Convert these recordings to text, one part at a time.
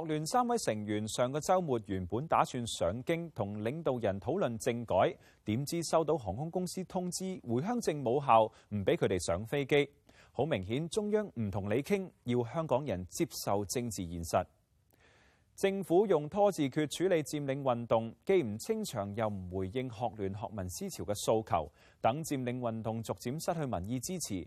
學聯三位成員上個週末原本打算上京同領導人討論政改，點知收到航空公司通知，回鄉證冇效，唔俾佢哋上飛機。好明顯，中央唔同你傾，要香港人接受政治現實。政府用拖字訣處理佔領運動，既唔清場又唔回應學聯學民思潮嘅訴求，等佔領運動逐漸失去民意支持。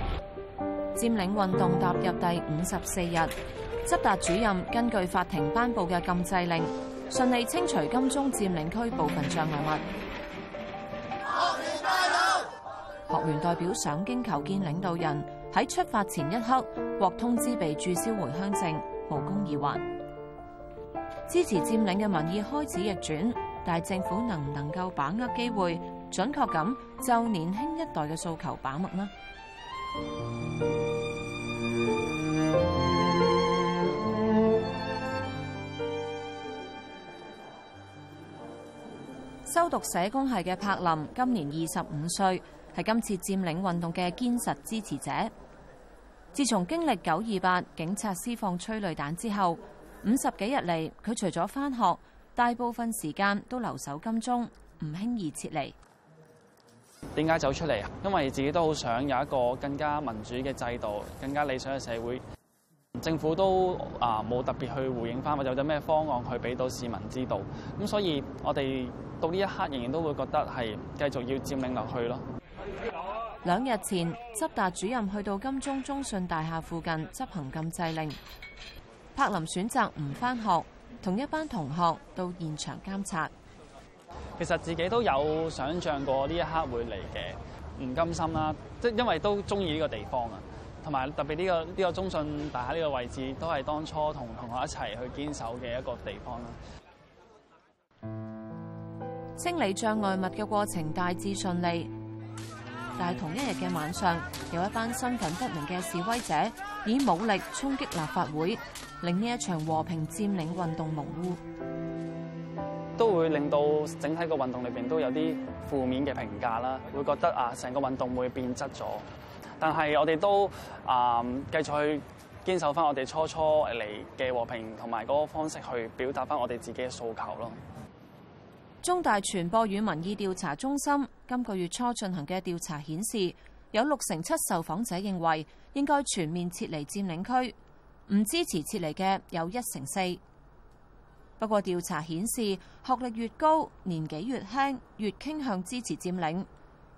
佔領運動踏入第五十四日，執達主任根據法庭頒布嘅禁制令，順利清除金鐘佔領區部分障礙物。學員代表上京求見領導人，喺出發前一刻獲通知被注銷回鄉證，無功而還。支持佔領嘅民意開始逆轉，但政府能唔能夠把握機會，準確咁就年輕一代嘅訴求把脈呢？修讀社工係嘅柏林今年二十五歲，係今次佔領運動嘅堅實支持者。自從經歷九二八警察施放催淚彈之後，五十幾日嚟，佢除咗返學，大部分時間都留守金鐘，唔輕易撤離。點解走出嚟啊？因為自己都好想有一個更加民主嘅制度、更加理想嘅社會。政府都啊冇特別去回應返，或者有咗咩方案去俾到市民知道。咁所以我哋。到呢一刻，仍然都會覺得係繼續要佔領落去咯。兩日前，執達主任去到金鐘中信大廈附近執行禁制令，柏林選擇唔翻學，同一班同學到現場監察。其實自己都有想象過呢一刻會嚟嘅，唔甘心啦。即因為都中意呢個地方啊，同埋特別呢個呢個中信大廈呢個位置，都係當初同同學一齊去堅守嘅一個地方啦。清理障礙物嘅過程大致順利，但係同一日嘅晚上，有一班身份不明嘅示威者以武力衝擊立法會，令呢一場和平佔領運動模糊，都會令到整體個運動裏邊都有啲負面嘅評價啦，會覺得啊，成個運動會變質咗。但係我哋都啊繼續去堅守翻我哋初初嚟嘅和平同埋嗰個方式去表達翻我哋自己嘅訴求咯。中大傳播與民意調查中心今個月初進行嘅調查顯示，有六成七受訪者認為應該全面撤離佔領區，唔支持撤離嘅有一成四。不過調查顯示，學歷越高、年紀越輕、越傾向支持佔領，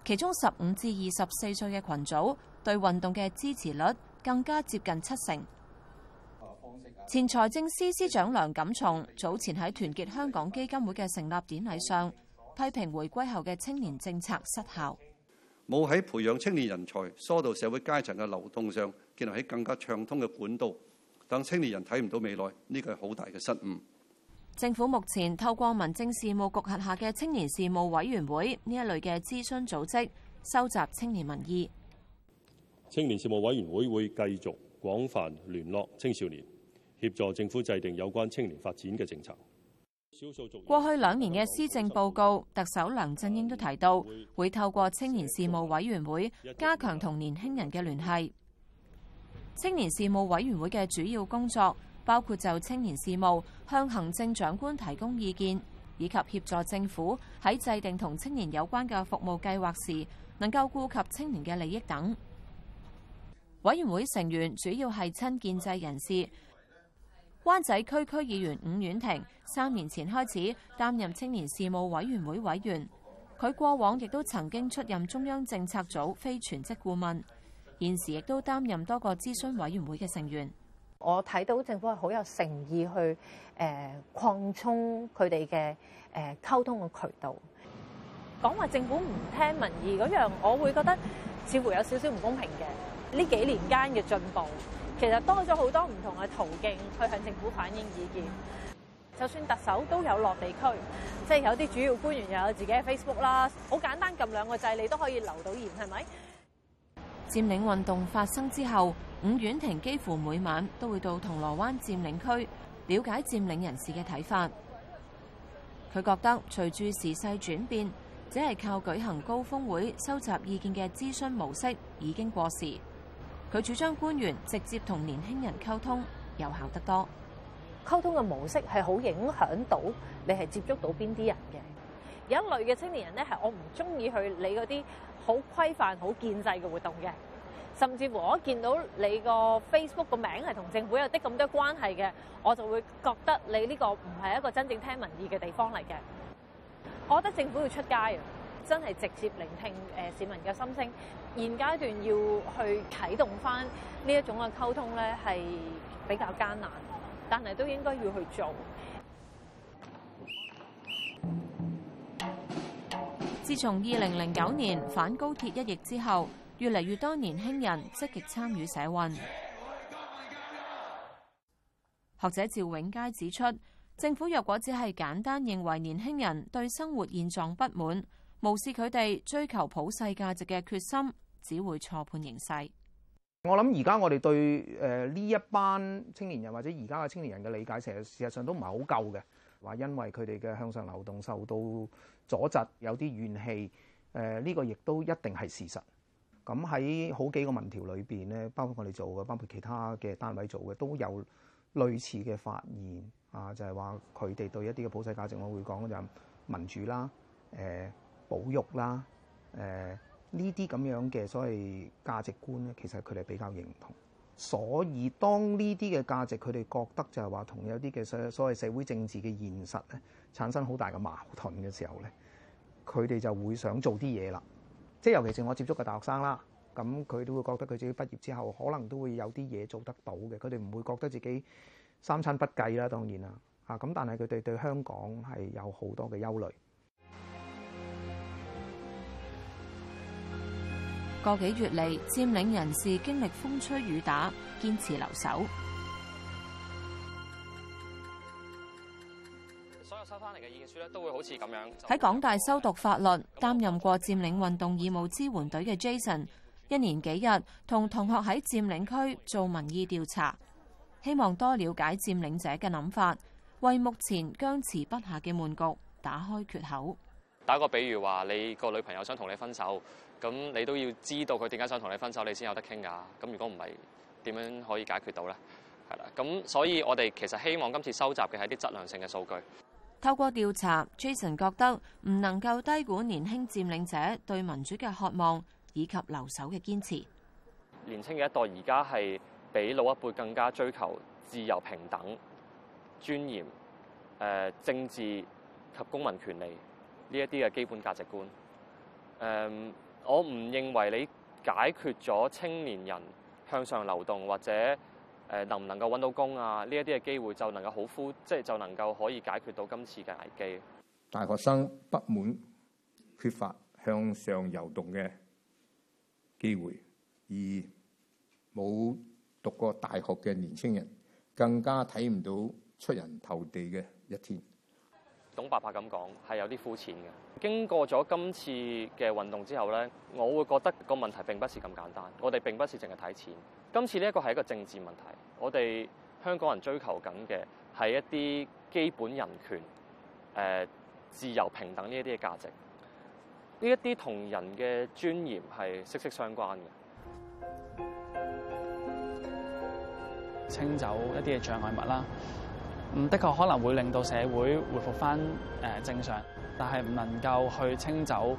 其中十五至二十四歲嘅群組對運動嘅支持率更加接近七成。前財政司司長梁錦松早前喺團結香港基金會嘅成立典禮上批評回歸後嘅青年政策失效，冇喺培養青年人才、疏導社會階層嘅流動上建立喺更加暢通嘅管道，等青年人睇唔到未來呢個係好大嘅失誤。政府目前透過民政事務局轄下嘅青年事務委員會呢一類嘅諮詢組織收集青年民意，青年事務委員會會繼續廣泛聯絡青少年，協助政府制定有關青年發展嘅政策。過去兩年嘅施政報告，特首梁振英都提到會透過青年事務委員會加強同年輕人嘅聯繫。青年事務委員會嘅主要工作包括就青年事務向行政長官提供意見，以及協助政府喺制定同青年有關嘅服務計劃時能夠顧及青年嘅利益等。委員會成員主要係親建制人士。灣仔區區議員伍婉婷三年前開始擔任青年事務委員會委員，佢過往亦都曾經出任中央政策組非全職顧問，現時亦都擔任多個諮詢委員會嘅成員。我睇到政府係好有誠意去誒擴充佢哋嘅誒溝通嘅渠道，講話政府唔聽民意噉樣，我會覺得似乎有少少唔公平嘅。呢幾年間嘅進步。其實多咗好多唔同嘅途徑去向政府反映意見，就算特首都有落地區，即係有啲主要官員又有自己嘅 Facebook 啦，好簡單撳兩個掣你都可以留到言，係咪？佔領運動發生之後，伍婉婷幾乎每晚都會到銅鑼灣佔領區了解佔領人士嘅睇法。佢覺得隨住時勢轉變，只係靠舉行高峰會收集意見嘅諮詢模式已經過時。佢主張官員直接同年輕人溝通，有效得多。溝通嘅模式係好影響到你係接觸到邊啲人嘅。有一類嘅青年人咧，係我唔中意去你嗰啲好規範、好建制嘅活動嘅。甚至乎我見到你個 Facebook 個名係同政府有啲咁多關係嘅，我就會覺得你呢個唔係一個真正聽民意嘅地方嚟嘅。我覺得政府要出街啊！真係直接聆聽市民嘅心聲。現階段要去啟動翻呢一種嘅溝通呢，係比較艱難，但係都應該要去做。自從二零零九年反高鐵一役之後，越嚟越多年輕人積極參與社運。學者趙永佳指出，政府若果只係簡單認為年輕人對生活現狀不滿。無視佢哋追求普世價值嘅決心，只會錯判形勢。我諗而家我哋對誒呢一班青年人或者而家嘅青年人嘅理解，成日事實，事實上都唔係好夠嘅。話因為佢哋嘅向上流動受到阻窒，有啲怨氣。誒、呃、呢、呢個亦都一定係事實。咁喺好幾個民調裏邊咧，包括我哋做嘅，包括其他嘅單位做嘅，都有類似嘅發現啊，就係話佢哋對一啲嘅普世價值，我會講就是民主啦，誒、呃。保育啦，誒呢啲咁樣嘅所謂價值觀咧，其實佢哋比較認同。所以當呢啲嘅價值佢哋覺得就係話同有啲嘅所所謂社會政治嘅現實咧產生好大嘅矛盾嘅時候咧，佢哋就會想做啲嘢啦。即係尤其是我接觸嘅大學生啦，咁佢都會覺得佢自己畢業之後可能都會有啲嘢做得到嘅。佢哋唔會覺得自己三餐不繼啦，當然啦，嚇、啊、咁但係佢哋對香港係有好多嘅憂慮。個幾月嚟，佔領人士經歷風吹雨打，堅持留守。所有收翻嚟嘅意見書咧，都會好似咁樣。喺港大修讀法律，擔任過佔領運動義務支援隊嘅 Jason，一連幾日同同學喺佔領區做民意調查，希望多了解佔領者嘅諗法，為目前僵持不下嘅悶局打開缺口。打個比喻話，你個女朋友想同你分手。咁你都要知道佢點解想同你分手，你先有得傾㗎。咁如果唔係，點樣可以解決到咧？係啦。咁所以我哋其實希望今次收集嘅係啲質量性嘅數據。透過調查，Jason 覺得唔能夠低估年輕佔領者對民主嘅渴望以及留守嘅堅持。年輕嘅一代而家係比老一輩更加追求自由、平等、尊嚴、誒、呃、政治及公民權利呢一啲嘅基本價值觀。誒、呃。我唔認為你解決咗青年人向上流動或者誒能唔能夠揾到工啊呢一啲嘅機會就能夠好敷，即係就能夠可以解決到今次嘅危機。大學生不滿缺乏向上流動嘅機會，而冇讀過大學嘅年青人更加睇唔到出人頭地嘅一天。董伯伯咁講係有啲膚淺嘅。經過咗今次嘅運動之後呢，我會覺得個問題並不是咁簡單。我哋並不是淨係睇錢。今次呢一個係一個政治問題。我哋香港人追求緊嘅係一啲基本人權、誒自由平等呢一啲嘅價值。呢一啲同人嘅尊嚴係息息相關嘅。清走一啲嘅障礙物啦。嗯，的確可能會令到社會回復翻誒正常，但係唔能夠去清走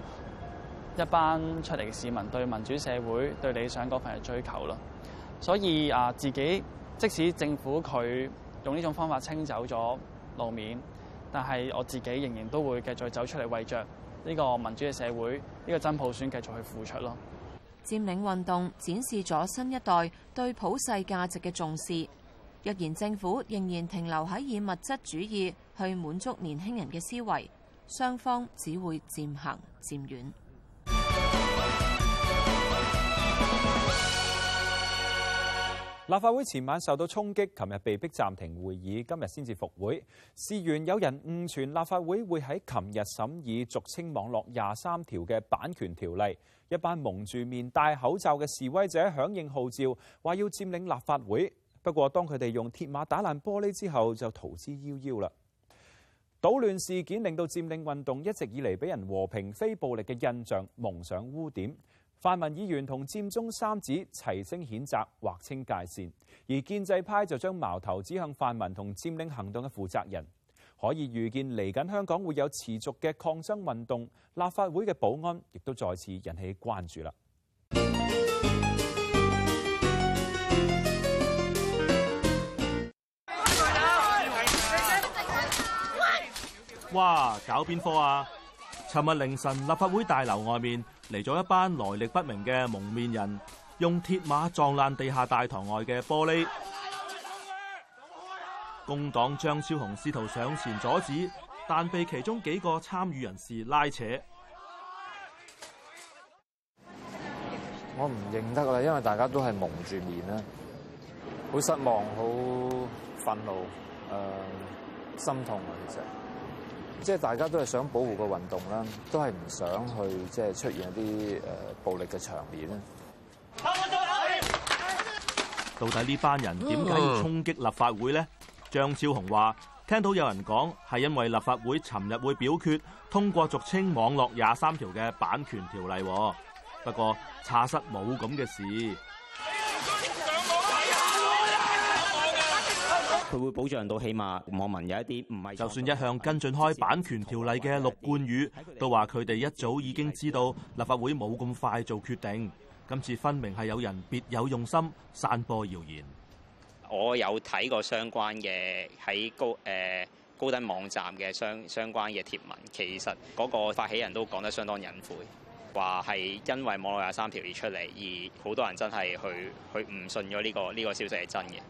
一班出嚟嘅市民對民主社會對理想嗰份嘅追求咯。所以啊，自己即使政府佢用呢種方法清走咗路面，但係我自己仍然都會繼續走出嚟為着呢個民主嘅社會呢個真普選繼續去付出咯。佔領運動展示咗新一代對普世價值嘅重視。若然政府仍然停留喺以物質主義去滿足年輕人嘅思維，雙方只會漸行漸遠。立法會前晚受到衝擊，琴日被逼暫停會議，今日先至復會。事緣有人誤傳立法會會喺琴日審議俗稱網絡廿三條嘅版權條例，一班蒙住面、戴口罩嘅示威者響應號召，話要佔領立法會。不過，當佢哋用鐵馬打爛玻璃之後，就逃之夭夭啦。搗亂事件令到佔領運動一直以嚟俾人和平非暴力嘅印象蒙上污點。泛民議員同佔中三子齊聲譴責，劃清界線。而建制派就將矛頭指向泛民同佔領行動嘅負責人。可以預見，嚟緊香港會有持續嘅抗爭運動。立法會嘅保安亦都再次引起關注啦。哇！搞邊科啊？尋日凌晨立法會大樓外面嚟咗一班來歷不明嘅蒙面人，用鐵馬撞爛地下大堂外嘅玻璃。工黨張超雄試圖上前阻止，但被其中幾個參與人士拉扯。我唔認得啦，因為大家都係蒙住面啦。好失望，好憤怒，誒、呃，心痛啊！其實。即係大家都係想保護個運動啦，都係唔想去即係出現一啲誒暴力嘅場面啦。到底呢班人點解要衝擊立法會呢？張超雄話，聽到有人講係因為立法會尋日會表決通過俗稱網絡廿三條嘅版權條例，不過查實冇咁嘅事。佢會保障到，起碼網民有一啲唔係就算一向跟進開版權條例嘅陸冠宇，都話佢哋一早已經知道立法會冇咁快做決定，今次分明係有人別有用心散播謠言。我有睇過相關嘅喺高誒、呃、高登網站嘅相相關嘅貼文，其實嗰個發起人都講得相當隱晦，話係因為網絡廿三條而出嚟，而好多人真係去去誤信咗呢、呢個呢、呢個消息係真嘅。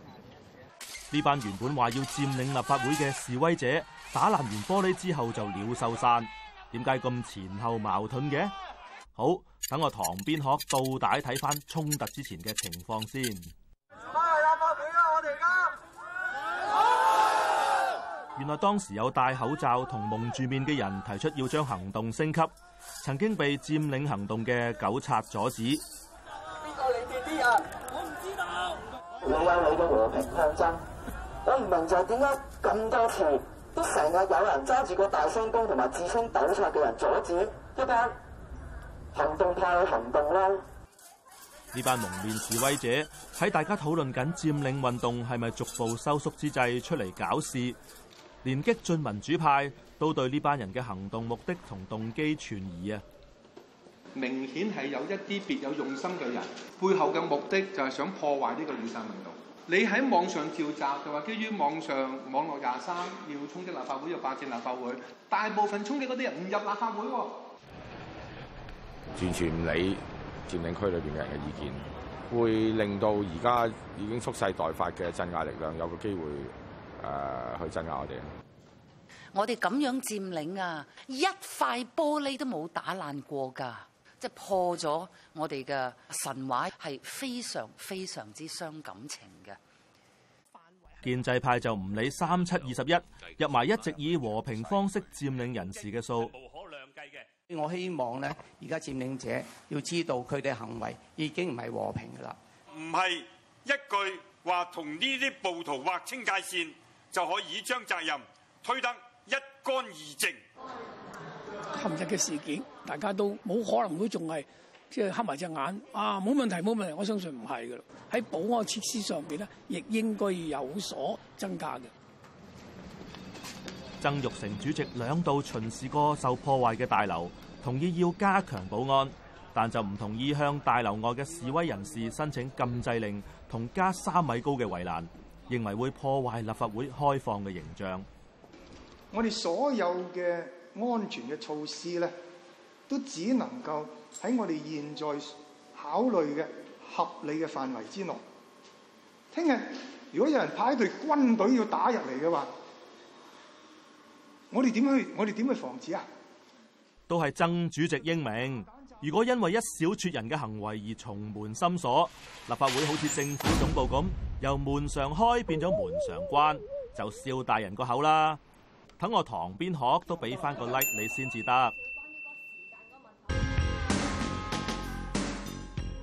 呢班原本話要佔領立法會嘅示威者打爛完玻璃之後就鳥獸散，點解咁前後矛盾嘅？好，等我堂邊鶴到底睇翻衝突之前嘅情況先。原來當時有戴口罩同蒙住面嘅人提出要將行動升級，曾經被佔領行動嘅糾察阻止。邊個你哋啲人？我唔知道，啊。我唔明就係點解咁多次都成日有人揸住個大聲公同埋自稱糾察嘅人阻止一班行動派去行動咧？呢班蒙面示威者喺大家討論緊佔領運動係咪逐步收縮之際出嚟搞事，連激進民主派都對呢班人嘅行動目的同動機存疑啊！明顯係有一啲別有用心嘅人，背後嘅目的就係想破壞呢個雨傘運動。你喺網上召集，就話基於網上網絡廿三要衝擊立法會又霸佔立法會，大部分衝擊嗰啲人唔入立法會喎，完全唔理佔領區裏邊嘅人嘅意見，會令到而家已經蓄勢待發嘅鎮壓力量有個機會誒去鎮壓我哋。我哋咁樣佔領啊，一塊玻璃都冇打爛過㗎。即破咗我哋嘅神話，係非常非常之傷感情嘅。建制派就唔理三七二十一，入埋一直以和平方式佔領人士嘅數。無可量計嘅，我希望呢，而家佔領者要知道佢哋行為已經唔係和平㗎喇，唔係一句話同呢啲暴徒劃清界線，就可以將責任推得一乾二淨。琴日嘅事件，大家都冇可能會仲係即係黑埋隻眼啊！冇問題，冇問題，我相信唔係噶啦。喺保安設施上邊咧，亦應該有所增加嘅。曾鈺成主席兩度巡視過受破壞嘅大樓，同意要加強保安，但就唔同意向大樓外嘅示威人士申請禁制令同加三米高嘅圍欄，認為會破壞立法會開放嘅形象。我哋所有嘅。安全嘅措施咧，都只能夠喺我哋現在考慮嘅合理嘅範圍之內。聽日如果有人派一隊軍隊要打入嚟嘅話，我哋點去？我哋點去防止啊？都係曾主席英明。如果因為一小撮人嘅行為而重門深鎖，立法會好似政府總部咁，由門常開變咗門常關，就笑大人個口啦。等我旁邊學都俾翻個 like，你先至得。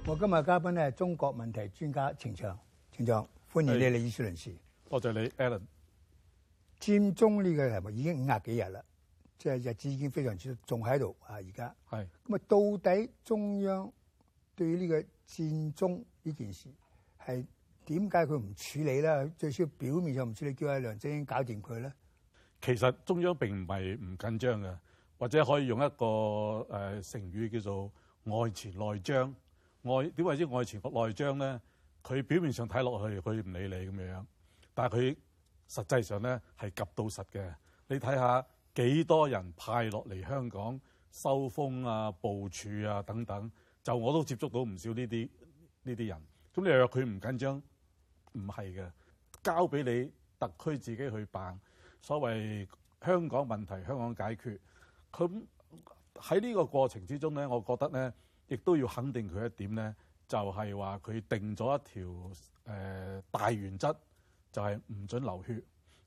我今日嘉賓咧，中國問題專家程翔，程翔，歡迎你李嚟，史律士，多、哎、謝，謝你，Alan。佔中呢個題目已經五廿幾日啦，即係日子已經非常之，仲喺度啊！而家係咁啊，到底中央對於呢個佔中呢件事係點解佢唔處理咧？最少表面上唔處理，叫阿梁振英搞掂佢咧。其實中央並唔係唔緊張嘅，或者可以用一個誒、呃、成語叫做外弛內張。外點為之外弛內張咧？佢表面上睇落去佢唔理你咁樣，但係佢實際上咧係夾到實嘅。你睇下幾多人派落嚟香港收風啊、部署啊等等，就我都接觸到唔少呢啲呢啲人。咁你話佢唔緊張，唔係嘅，交俾你特區自己去辦。所謂香港問題，香港解決。咁喺呢個過程之中咧，我覺得咧，亦都要肯定佢一點咧，就係話佢定咗一條誒、呃、大原則，就係、是、唔准流血。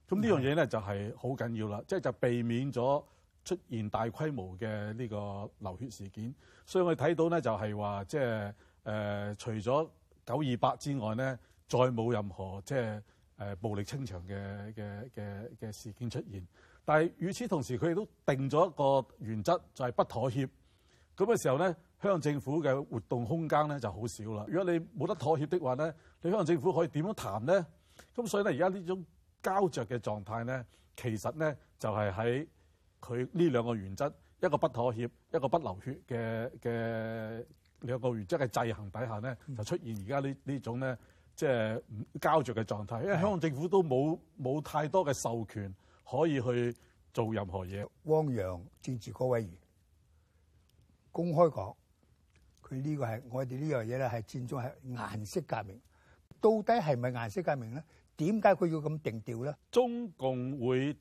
咁呢樣嘢咧就係好緊要啦，即係就是、避免咗出現大規模嘅呢個流血事件。所以我哋睇到咧就係、是、話，即係誒除咗九二八之外咧，再冇任何即係。就是誒、呃、暴力清場嘅嘅嘅嘅事件出現，但係與此同時，佢哋都定咗一個原則，就係、是、不妥協。咁嘅時候咧，香港政府嘅活動空間咧就好少啦。如果你冇得妥協的話咧，你香港政府可以點樣談咧？咁所以咧，而家呢種膠着嘅狀態咧，其實咧就係喺佢呢兩個原則，一個不妥協，一個不流血嘅嘅兩個原則嘅制衡底下咧，就出現而家呢呢種咧。即係膠着嘅狀態，因為香港政府都冇冇太多嘅授權可以去做任何嘢。汪洋政治局委員公開講：佢呢個係我哋呢樣嘢咧係佔中係顏色革命，到底係咪顏色革命咧？點解佢要咁定調咧？中共會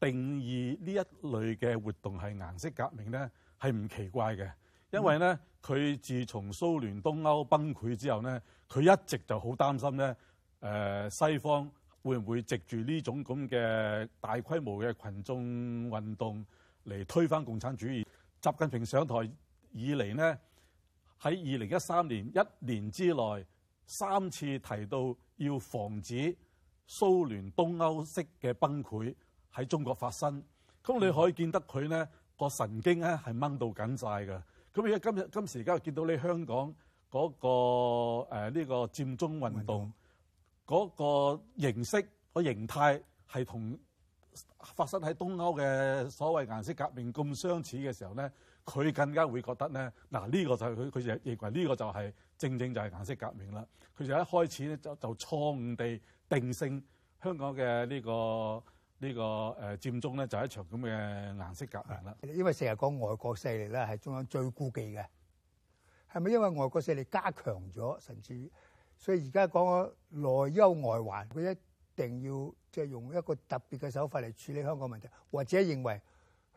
定義呢一類嘅活動係顏色革命咧，係唔奇怪嘅，因為咧。嗯佢自從蘇聯東歐崩潰之後呢，佢一直就好擔心呢，誒、呃、西方會唔會藉住呢種咁嘅大規模嘅群眾運動嚟推翻共產主義。習近平上台以嚟呢，喺二零一三年一年之內三次提到要防止蘇聯東歐式嘅崩潰喺中國發生。咁你可以見得佢呢個神經呢，係掹到緊晒嘅。咁而家今日今時而家又見到你香港嗰、嗰個呢、呃呢個佔中運動嗰、嗰個形式、嗰個形態係同發生喺東歐嘅所謂顏色革命咁相似嘅時候咧，佢更加會覺得咧，嗱呢、啊呢個就佢佢就認為呢個就係、係、正正就係顏色革命啦。佢就一開始咧，就就錯誤地定性香港嘅呢、呢個。呢、這個誒、呃、佔中咧就係、是、一場咁嘅顏色革命啦。因為成日講外國勢力咧係中央最孤忌嘅，係咪因為外國勢力加強咗，甚至於所以而家講個內憂外患，佢一定要即係用一個特別嘅手法嚟處理香港問題，或者認為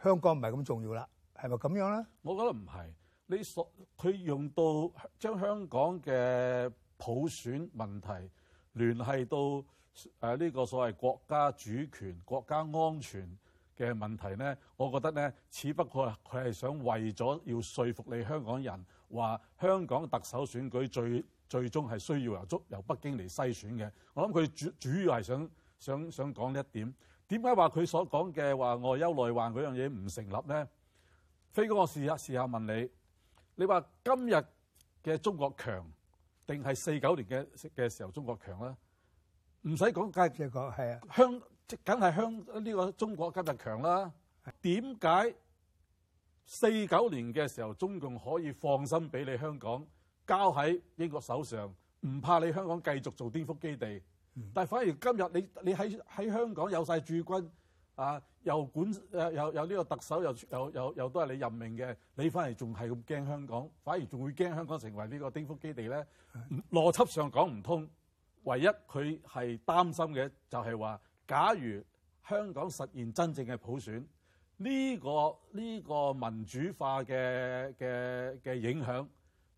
香港唔係咁重要啦，係咪咁樣咧？我覺得唔係，你所佢用到將香港嘅普選問題聯繫到。誒、啊、呢、呢個所謂國家主權、國家安全嘅問題呢，我覺得呢，只不過佢係想為咗要説服你香港人，話香港特首選舉最最終係需要由足由北京嚟篩選嘅。我諗佢主主要係想想想講呢一點。點解話佢所講嘅話外憂內患嗰樣嘢唔成立呢？飛哥，我試下試下問你，你話今日嘅中國強定係四九年嘅嘅時候中國強呢？唔使講，梗係香港係啊，香即梗係香呢個中國今日強啦。點解四九年嘅時候，中共可以放心俾你香港交喺英國手上，唔怕你香港繼續做顛覆基地？但係反而今日你你喺喺香港有晒駐軍啊，又管誒又又呢個特首又又又都係你任命嘅，你翻嚟仲係咁驚香港，反而仲會驚香港成為呢個顛覆基地咧？邏輯上講唔通。唯一佢係擔心嘅就係話，假如香港實現真正嘅普選，呢、這個呢、這個民主化嘅嘅嘅影響，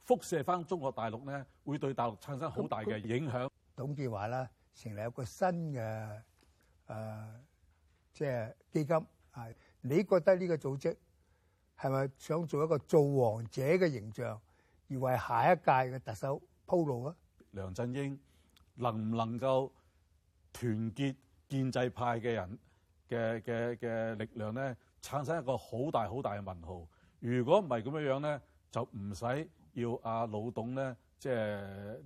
輻射翻中國大陸咧，會對大陸產生好大嘅影響。董建華咧，成立一個新嘅誒，即、呃、係、就是、基金啊。你覺得呢個組織係咪想做一個做王者嘅形象，而為下一屆嘅特首鋪路啊？梁振英。能唔能夠團結建制派嘅人嘅嘅嘅力量咧，產生一個好大好大嘅問號。如果唔係咁樣樣咧，就唔使要阿老董咧，即係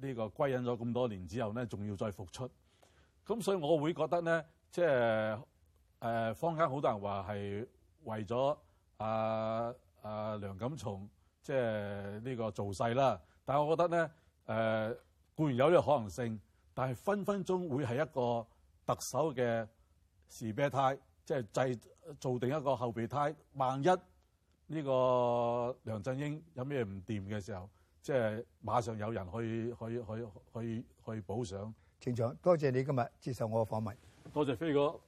呢個歸隱咗咁多年之後咧，仲要再復出。咁所以我會覺得咧，即係誒坊間好多人話係為咗啊啊梁錦松即係呢個造勢啦。但係我覺得咧，誒固然有呢個可能性。但係分分鐘會係一個特首嘅士啤呔，即係製做定一個後備胎。萬一呢個梁振英有咩唔掂嘅時候，即係馬上有人可以去去去、去、去、去補上。程翔，多謝你今日接受我嘅訪問。多謝飛哥。